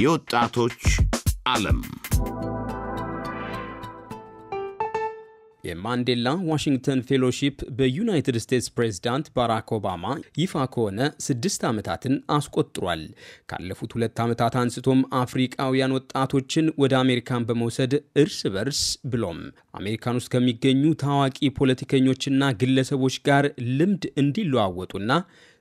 የወጣቶች ዓለም የማንዴላ ዋሽንግተን ፌሎሺፕ በዩናይትድ ስቴትስ ፕሬዝዳንት ባራክ ኦባማ ይፋ ከሆነ ስድስት ዓመታትን አስቆጥሯል። ካለፉት ሁለት ዓመታት አንስቶም አፍሪቃውያን ወጣቶችን ወደ አሜሪካን በመውሰድ እርስ በርስ ብሎም አሜሪካን ውስጥ ከሚገኙ ታዋቂ ፖለቲከኞችና ግለሰቦች ጋር ልምድ እንዲለዋወጡና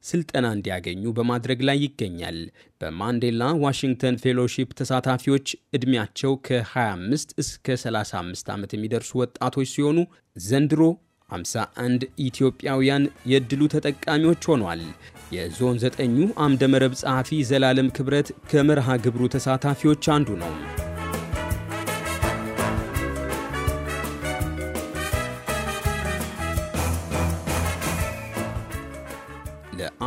ስልጠና እንዲያገኙ በማድረግ ላይ ይገኛል። በማንዴላ ዋሽንግተን ፌሎሺፕ ተሳታፊዎች ዕድሜያቸው ከ25 እስከ 35 ዓመት የሚደርሱ ወጣቶች ሲሆኑ ዘንድሮ 51 ኢትዮጵያውያን የድሉ ተጠቃሚዎች ሆኗል። የዞን ዘጠኙ አምደመረብ ጸሐፊ ዘላለም ክብረት ከመርሃ ግብሩ ተሳታፊዎች አንዱ ነው።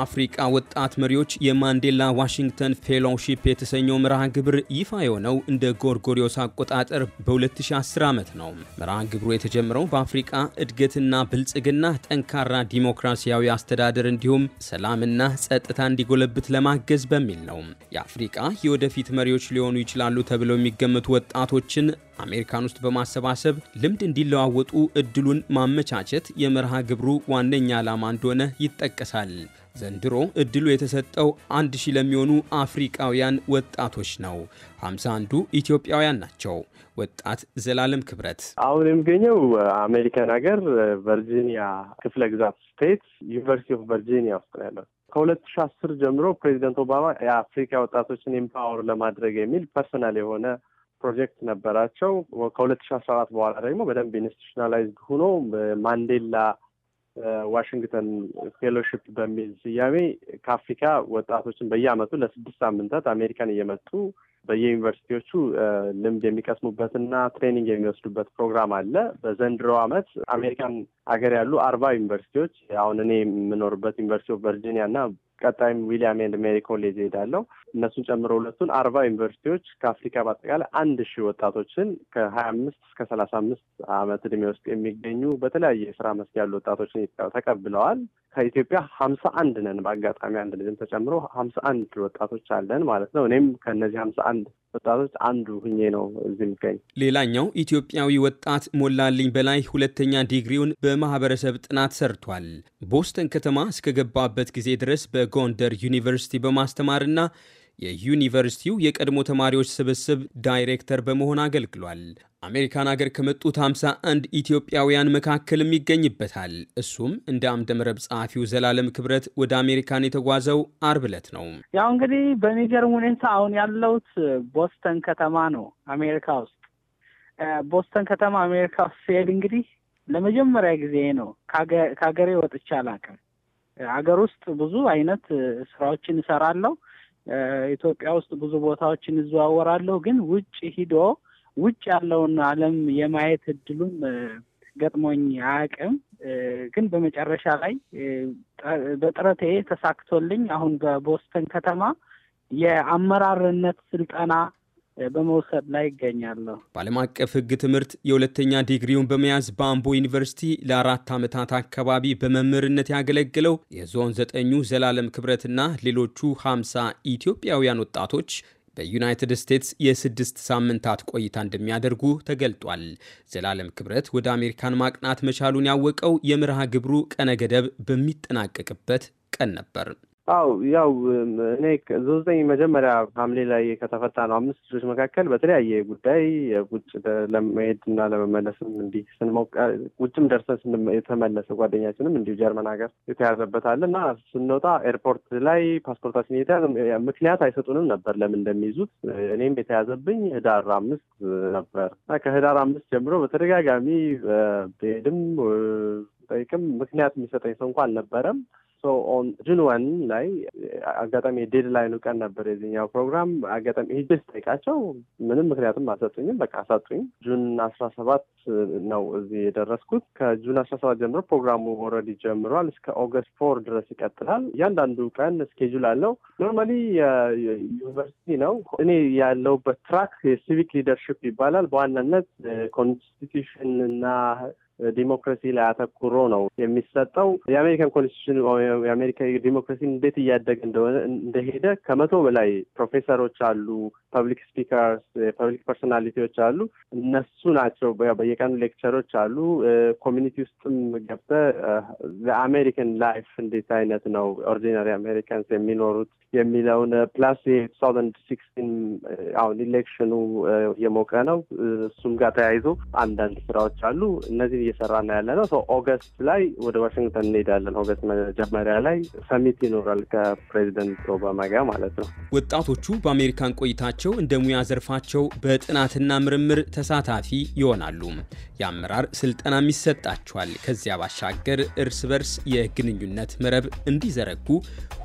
የአፍሪቃ ወጣት መሪዎች የማንዴላ ዋሽንግተን ፌሎውሺፕ የተሰኘው መርሃ ግብር ይፋ የሆነው እንደ ጎርጎሪዮስ አቆጣጠር በ2010 ዓመት ነው። መርሃ ግብሩ የተጀመረው በአፍሪቃ እድገትና ብልጽግና፣ ጠንካራ ዲሞክራሲያዊ አስተዳደር እንዲሁም ሰላምና ጸጥታ እንዲጎለብት ለማገዝ በሚል ነው። የአፍሪቃ የወደፊት መሪዎች ሊሆኑ ይችላሉ ተብለው የሚገመቱ ወጣቶችን አሜሪካን ውስጥ በማሰባሰብ ልምድ እንዲለዋወጡ እድሉን ማመቻቸት የመርሃ ግብሩ ዋነኛ ዓላማ እንደሆነ ይጠቀሳል። ዘንድሮ እድሉ የተሰጠው አንድ ሺህ ለሚሆኑ አፍሪቃውያን ወጣቶች ነው። ሀምሳ አንዱ ኢትዮጵያውያን ናቸው። ወጣት ዘላለም ክብረት አሁን የሚገኘው አሜሪካን ሀገር ቨርጂኒያ ክፍለ ግዛት ስቴት ዩኒቨርሲቲ ኦፍ ቨርጂኒያ ውስጥ ነው ያለው። ከሁለት ሺ አስር ጀምሮ ፕሬዚደንት ኦባማ የአፍሪካ ወጣቶችን ኤምፓወር ለማድረግ የሚል ፐርሰናል የሆነ ፕሮጀክት ነበራቸው። ከሁለት ሺ አስራ አራት በኋላ ደግሞ በደንብ ኢንስቲቱሽናላይዝድ ሆኖ ማንዴላ ዋሽንግተን ፌሎሺፕ በሚል ስያሜ ከአፍሪካ ወጣቶችን በየአመቱ ለስድስት ሳምንታት አሜሪካን እየመጡ በየዩኒቨርሲቲዎቹ ልምድ የሚቀስሙበትና ትሬኒንግ የሚወስዱበት ፕሮግራም አለ። በዘንድሮ ዓመት አሜሪካን ሀገር ያሉ አርባ ዩኒቨርሲቲዎች አሁን እኔ የምኖርበት ዩኒቨርሲቲ ኦፍ ቨርጂኒያ እና ቀጣይም ዊሊያም ኤንድ ሜሪ ኮሌጅ እሄዳለሁ። እነሱን ጨምሮ ሁለቱን አርባ ዩኒቨርሲቲዎች ከአፍሪካ በአጠቃላይ አንድ ሺህ ወጣቶችን ከሀያ አምስት እስከ ሰላሳ አምስት ዓመት እድሜ ውስጥ የሚገኙ በተለያየ የስራ መስክ ያሉ ወጣቶችን ተቀብለዋል። ከኢትዮጵያ ሀምሳ አንድ ነን። በአጋጣሚ አንድ ልጅም ተጨምሮ ሀምሳ አንድ ወጣቶች አለን ማለት ነው። እኔም ከእነዚህ ሀምሳ አንድ ወጣቶች አንዱ ሁኜ ነው እዚህ የሚገኝ። ሌላኛው ኢትዮጵያዊ ወጣት ሞላልኝ በላይ ሁለተኛ ዲግሪውን በማህበረሰብ ጥናት ሰርቷል። ቦስተን ከተማ እስከገባበት ጊዜ ድረስ በጎንደር ዩኒቨርሲቲ በማስተማርና የዩኒቨርሲቲው የቀድሞ ተማሪዎች ስብስብ ዳይሬክተር በመሆን አገልግሏል። አሜሪካን አገር ከመጡት 51 ኢትዮጵያውያን መካከልም ይገኝበታል። እሱም እንደ አምደምረብ ጸሐፊው ዘላለም ክብረት ወደ አሜሪካን የተጓዘው አርብ ዕለት ነው። ያው እንግዲህ በሚገርም ሁኔታ አሁን ያለሁት ቦስተን ከተማ ነው አሜሪካ ውስጥ። ቦስተን ከተማ አሜሪካ ውስጥ ሲሄድ እንግዲህ ለመጀመሪያ ጊዜ ነው ከሀገሬ ወጥቼ አላውቅም። ሀገር ውስጥ ብዙ አይነት ስራዎችን እሰራለሁ። ኢትዮጵያ ውስጥ ብዙ ቦታዎችን እዘዋወራለሁ። ግን ውጭ ሂዶ ውጭ ያለውን ዓለም የማየት እድሉም ገጥሞኝ አያውቅም። ግን በመጨረሻ ላይ በጥረቴ ተሳክቶልኝ አሁን በቦስተን ከተማ የአመራርነት ስልጠና በመውሰድ ላይ ይገኛለሁ። በዓለም አቀፍ ሕግ ትምህርት የሁለተኛ ዲግሪውን በመያዝ በአምቦ ዩኒቨርሲቲ ለአራት ዓመታት አካባቢ በመምህርነት ያገለግለው የዞን ዘጠኙ ዘላለም ክብረትና ሌሎቹ ሀምሳ ኢትዮጵያውያን ወጣቶች በዩናይትድ ስቴትስ የስድስት ሳምንታት ቆይታ እንደሚያደርጉ ተገልጧል። ዘላለም ክብረት ወደ አሜሪካን ማቅናት መቻሉን ያወቀው የመርሃ ግብሩ ቀነ ገደብ በሚጠናቀቅበት ቀን ነበር። አው ያው እኔ ዘጠኝ መጀመሪያ ሐምሌ ላይ ከተፈታ ነው አምስት ልጆች መካከል በተለያየ ጉዳይ ውጭ ለመሄድ እና ለመመለስም እንዲህ ስንሞቃ ውጭም ደርሰን የተመለሰ ጓደኛችንም እንዲሁ ጀርመን ሀገር የተያዘበት አለ እና ስንወጣ ኤርፖርት ላይ ፓስፖርታችን የተያዘ ምክንያት አይሰጡንም ነበር ለምን እንደሚይዙት። እኔም የተያዘብኝ ህዳር አምስት ነበር። ከህዳር አምስት ጀምሮ በተደጋጋሚ ብሄድም ጠይቅም ምክንያት የሚሰጠኝ ሰው እንኳ አልነበረም። ኦን ጁን ዋን ላይ አጋጣሚ የዴድላይኑ ቀን ነበር የዚህኛው ፕሮግራም። አጋጣሚ ሂጄ ስጠይቃቸው ምንም ምክንያቱም አልሰጡኝም። በቃ አሳጡኝ። ጁን አስራ ሰባት ነው እዚህ የደረስኩት። ከጁን አስራ ሰባት ጀምሮ ፕሮግራሙ ኦረዲ ጀምሯል። እስከ ኦገስት ፎር ድረስ ይቀጥላል። እያንዳንዱ ቀን ስኬጁል አለው። ኖርማሊ ዩኒቨርሲቲ ነው። እኔ ያለውበት ትራክ የሲቪክ ሊደርሽፕ ይባላል። በዋናነት ኮንስቲቱሽን እና ዲሞክራሲ ላይ አተኩሮ ነው የሚሰጠው። የአሜሪካን ኮንስቲቱሽን የአሜሪካ ዲሞክራሲ እንዴት እያደገ እንደሆነ እንደሄደ ከመቶ በላይ ፕሮፌሰሮች አሉ፣ ፐብሊክ ስፒከርስ፣ ፐብሊክ ፐርሶናሊቲዎች አሉ። እነሱ ናቸው በየቀኑ ሌክቸሮች አሉ። ኮሚኒቲ ውስጥም ገብተ ለአሜሪካን ላይፍ እንዴት አይነት ነው ኦርዲናሪ አሜሪካንስ የሚኖሩት የሚለውን ፕላስ የቱ ታውዘንድ ሲክስቲን አሁን ኢሌክሽኑ የሞቀ ነው። እሱም ጋር ተያይዞ አንዳንድ ስራዎች አሉ እነዚህ እየሰራ ነው ያለ ነው። ኦገስት ላይ ወደ ዋሽንግተን እንሄዳለን። ኦገስት መጀመሪያ ላይ ሰሚት ይኖራል ከፕሬዚደንት ኦባማ ጋር ማለት ነው። ወጣቶቹ በአሜሪካን ቆይታቸው እንደ ሙያ ዘርፋቸው በጥናትና ምርምር ተሳታፊ ይሆናሉ። የአመራር ስልጠናም ይሰጣቸዋል። ከዚያ ባሻገር እርስ በርስ የግንኙነት መረብ እንዲዘረጉ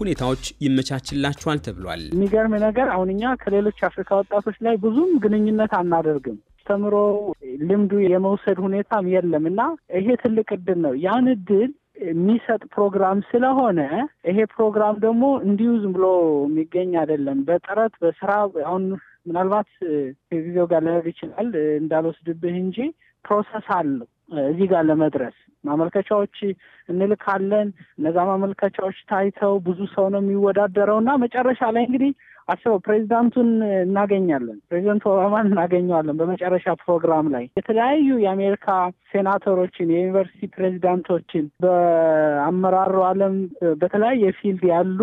ሁኔታዎች ይመቻችላቸዋል ተብሏል። የሚገርም ነገር አሁን እኛ ከሌሎች አፍሪካ ወጣቶች ላይ ብዙም ግንኙነት አናደርግም። አስተምሮ ልምዱ የመውሰድ ሁኔታም የለም እና ይሄ ትልቅ እድል ነው። ያን እድል የሚሰጥ ፕሮግራም ስለሆነ ይሄ ፕሮግራም ደግሞ እንዲሁ ዝም ብሎ የሚገኝ አይደለም። በጥረት በስራ አሁን ምናልባት ከጊዜው ጋር ሊሄድ ይችላል እንዳልወስድብህ እንጂ ፕሮሰስ አለው። እዚህ ጋር ለመድረስ ማመልከቻዎች እንልካለን። እነዛ ማመልከቻዎች ታይተው ብዙ ሰው ነው የሚወዳደረው እና መጨረሻ ላይ እንግዲህ አስበው ፕሬዚዳንቱን እናገኛለን፣ ፕሬዚደንት ኦባማን እናገኘዋለን። በመጨረሻ ፕሮግራም ላይ የተለያዩ የአሜሪካ ሴናተሮችን፣ የዩኒቨርሲቲ ፕሬዚዳንቶችን፣ በአመራሩ ዓለም በተለያየ ፊልድ ያሉ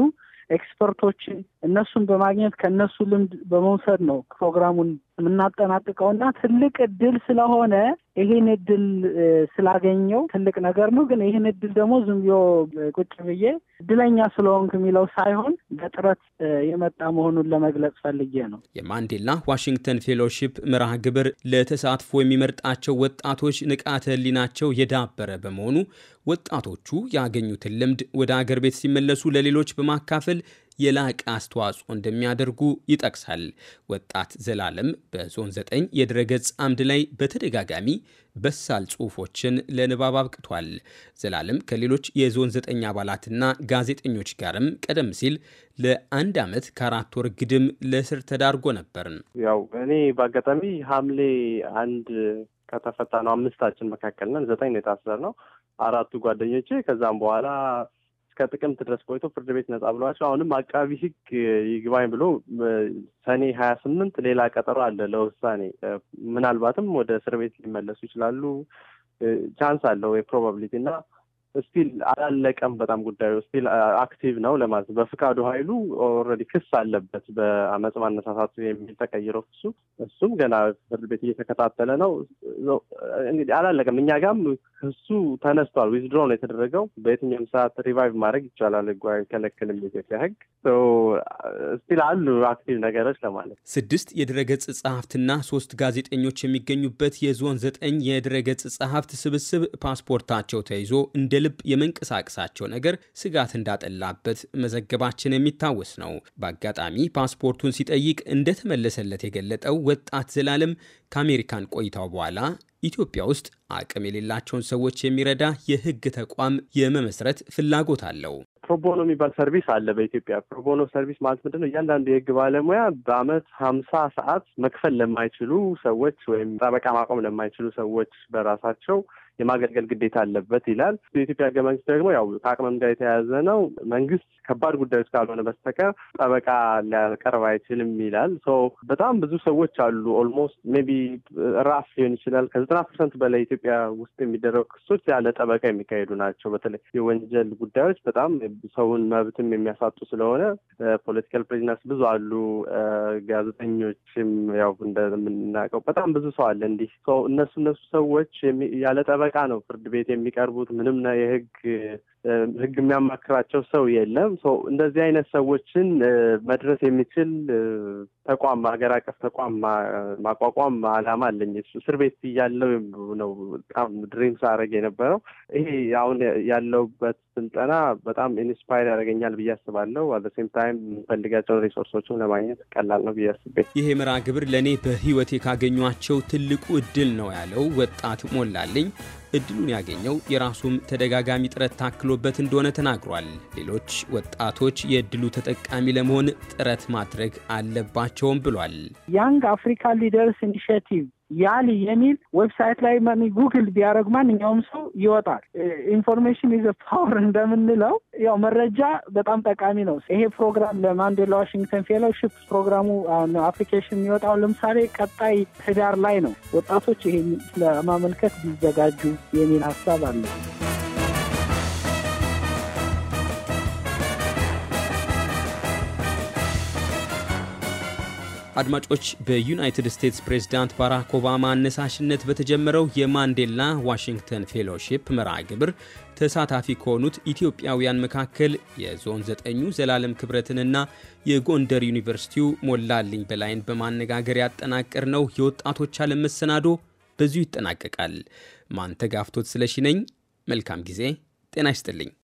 ኤክስፐርቶችን እነሱን በማግኘት ከእነሱ ልምድ በመውሰድ ነው ፕሮግራሙን የምናጠናቅቀውና ትልቅ እድል ስለሆነ ይህን እድል ስላገኘው ትልቅ ነገር ነው። ግን ይህን እድል ደግሞ ዝም ቁጭ ብዬ እድለኛ ስለሆንክ የሚለው ሳይሆን በጥረት የመጣ መሆኑን ለመግለጽ ፈልጌ ነው። የማንዴላ ዋሽንግተን ፌሎሺፕ መርሃ ግብር ለተሳትፎ የሚመርጣቸው ወጣቶች ንቃተ ሕሊናቸው የዳበረ በመሆኑ ወጣቶቹ ያገኙትን ልምድ ወደ አገር ቤት ሲመለሱ ለሌሎች በማካፈል የላቀ አስተዋጽኦ እንደሚያደርጉ ይጠቅሳል። ወጣት ዘላለም በዞን 9 የድረገጽ አምድ ላይ በተደጋጋሚ በሳል ጽሁፎችን ለንባብ አብቅቷል። ዘላለም ከሌሎች የዞን 9 አባላትና ጋዜጠኞች ጋርም ቀደም ሲል ለአንድ ዓመት ከአራት ወር ግድም ለእስር ተዳርጎ ነበር። ያው እኔ በአጋጣሚ ሐምሌ አንድ ከተፈታ ነው አምስታችን መካከል ነን። ዘጠኝ ነው የታሰር ነው አራቱ ጓደኞቼ ከዛም በኋላ እስከ ጥቅምት ድረስ ቆይቶ ፍርድ ቤት ነጻ ብለዋቸው አሁንም አቃቢ ህግ ይግባኝ ብሎ ሰኔ ሀያ ስምንት ሌላ ቀጠሮ አለ ለውሳኔ። ምናልባትም ወደ እስር ቤት ሊመለሱ ይችላሉ። ቻንስ አለው ፕሮባብሊቲ እና ስቲል አላለቀም። በጣም ጉዳዩ ስቲል አክቲቭ ነው ለማለት በፍቃዱ ኃይሉ ኦልሬዲ ክስ አለበት በአመፅ ማነሳሳት የሚል ተቀይሮ ክሱ እሱም ገና ፍርድ ቤት እየተከታተለ ነው። እንግዲህ አላለቀም። እኛ ጋም ክሱ ተነስቷል። ዊዝድሮ ነው የተደረገው። በየትኛውም ሰዓት ሪቫይቭ ማድረግ ይቻላል። ህጉ አይከለክልም የኢትዮጵያ ህግ። ስቲል አሉ አክቲቭ ነገሮች ለማለት ስድስት የድረገጽ ጸሐፍትና ሶስት ጋዜጠኞች የሚገኙበት የዞን ዘጠኝ የድረገጽ ጸሐፍት ስብስብ ፓስፖርታቸው ተይዞ እንደ ልብ የመንቀሳቀሳቸው ነገር ስጋት እንዳጠላበት መዘገባችን የሚታወስ ነው። በአጋጣሚ ፓስፖርቱን ሲጠይቅ እንደተመለሰለት የገለጠው ወጣት ዘላለም ከአሜሪካን ቆይታው በኋላ ኢትዮጵያ ውስጥ አቅም የሌላቸውን ሰዎች የሚረዳ የሕግ ተቋም የመመስረት ፍላጎት አለው። ፕሮቦኖ የሚባል ሰርቪስ አለ በኢትዮጵያ። ፕሮቦኖ ሰርቪስ ማለት ምንድን ነው? እያንዳንዱ የህግ ባለሙያ በአመት ሀምሳ ሰዓት መክፈል ለማይችሉ ሰዎች ወይም ጠበቃ ማቆም ለማይችሉ ሰዎች በራሳቸው የማገልገል ግዴታ አለበት ይላል። የኢትዮጵያ ህገ መንግስት ደግሞ ያው ከአቅመም ጋር የተያያዘ ነው። መንግስት ከባድ ጉዳዮች ካልሆነ በስተቀር ጠበቃ ሊያቀርብ አይችልም ይላል። በጣም ብዙ ሰዎች አሉ። ኦልሞስት ሜቢ ራፍ ሊሆን ይችላል ከዘጠና ፐርሰንት በላይ ኢትዮጵያ ውስጥ የሚደረጉ ክሶች ያለ ጠበቃ የሚካሄዱ ናቸው። በተለይ የወንጀል ጉዳዮች በጣም ሰውን መብትም የሚያሳጡ ስለሆነ ፖለቲካል ፕሪዝነርስ ብዙ አሉ። ጋዜጠኞችም ያው እንደምናውቀው በጣም ብዙ ሰው አለ እንዲህ እነሱ እነሱ ሰዎች ያለ ጠበቃ ጠበቃ ነው ፍርድ ቤት የሚቀርቡት ምንም የህግ ህግ የሚያማክራቸው ሰው የለም። እንደዚህ አይነት ሰዎችን መድረስ የሚችል ተቋም ሀገር አቀፍ ተቋም ማቋቋም አላማ አለኝ። እስር ቤት እያለሁ ነው በጣም ድሪም ሳደርግ የነበረው። ይሄ አሁን ያለውበት ስልጠና በጣም ኢንስፓየር ያደርገኛል ብዬ አስባለሁ። አደ ሴም ታይም የምፈልጋቸውን ሪሶርሶችን ለማግኘት ቀላል ነው ብዬ አስቤ ይሄ መርሃ ግብር ለእኔ በህይወቴ ካገኟቸው ትልቁ እድል ነው ያለው ወጣት ሞላልኝ እድሉን ያገኘው የራሱም ተደጋጋሚ ጥረት ታክሎበት እንደሆነ ተናግሯል። ሌሎች ወጣቶች የእድሉ ተጠቃሚ ለመሆን ጥረት ማድረግ አለባቸውም ብሏል። ያንግ አፍሪካ ሊደርስ ኢኒሽቲቭ ያሊ የሚል ዌብሳይት ላይ ጉግል ቢያደረግ ማንኛውም ሰው ይወጣል። ኢንፎርሜሽን ኢዝ ፓወር እንደምንለው ያው መረጃ በጣም ጠቃሚ ነው። ይሄ ፕሮግራም ለማንዴላ ዋሽንግተን ፌሎሺፕ ፕሮግራሙ አፕሊኬሽን የሚወጣው ለምሳሌ ቀጣይ ህዳር ላይ ነው። ወጣቶች ይሄ ለማመልከት ቢዘጋጁ የሚል ሀሳብ አለ። አድማጮች በዩናይትድ ስቴትስ ፕሬዝዳንት ባራክ ኦባማ አነሳሽነት በተጀመረው የማንዴላ ዋሽንግተን ፌሎሺፕ መርሃ ግብር ተሳታፊ ከሆኑት ኢትዮጵያውያን መካከል የዞን ዘጠኙ ዘላለም ክብረትንና የጎንደር ዩኒቨርሲቲው ሞላልኝ በላይን በማነጋገር ያጠናቀር ነው የወጣቶች አለም መሰናዶ በዚሁ ይጠናቀቃል። ማንተጋፍቶት ስለሺ ነኝ። መልካም ጊዜ። ጤና ይስጥልኝ።